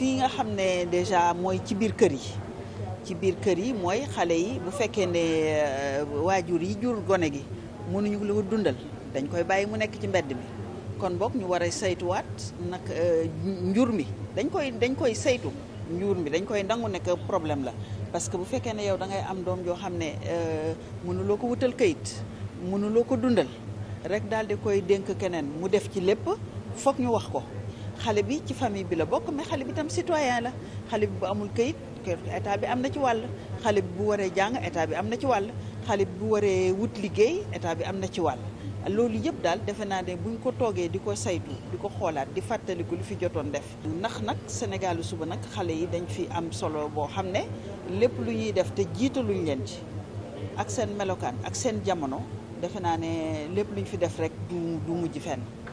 fii nga xam ne déjà mooy ci biir kër yi ci biir kër yi mooy xale yi bu fekkee ne euh, waajur yi jur gone gi mënuñu lu dundal dañ koy bàyyi mu nekk ci mbedd mi kon boog ñu war a saytuwaat nag euh, njur mi dañ koy dañ koy saytu njur mi dañ koy nangu nekk problème la parce que bu fekkee ne yow da ngay am doom joo xam ne euh, mënuloo ko wutal kayit mënuloo ko dundal rek daal di koy dénk keneen mu def ci lépp foog ñu wax ko xale bi ci famille bi la bokk mais xale bi tam citoyen la xale bi bu amul këyit état bi am na ci wàll xale bi bu waree jàng état bi am na ci wàll xale bi bu waree wut état bi am na ci wàll loolu yëpp daal defe naa ne buñ ko toogee di ko saytu di ko xoolaat di fàttaliku lu fi jotoon def ndax nag Sénégalu suba nag xale yi dañ fi am solo boo xam ne lépp lu ñuy def te jiitaluñ leen ci ak seen melokaan ak seen jamono defe naa ne lépp luñ fi def rek du du mujj fenn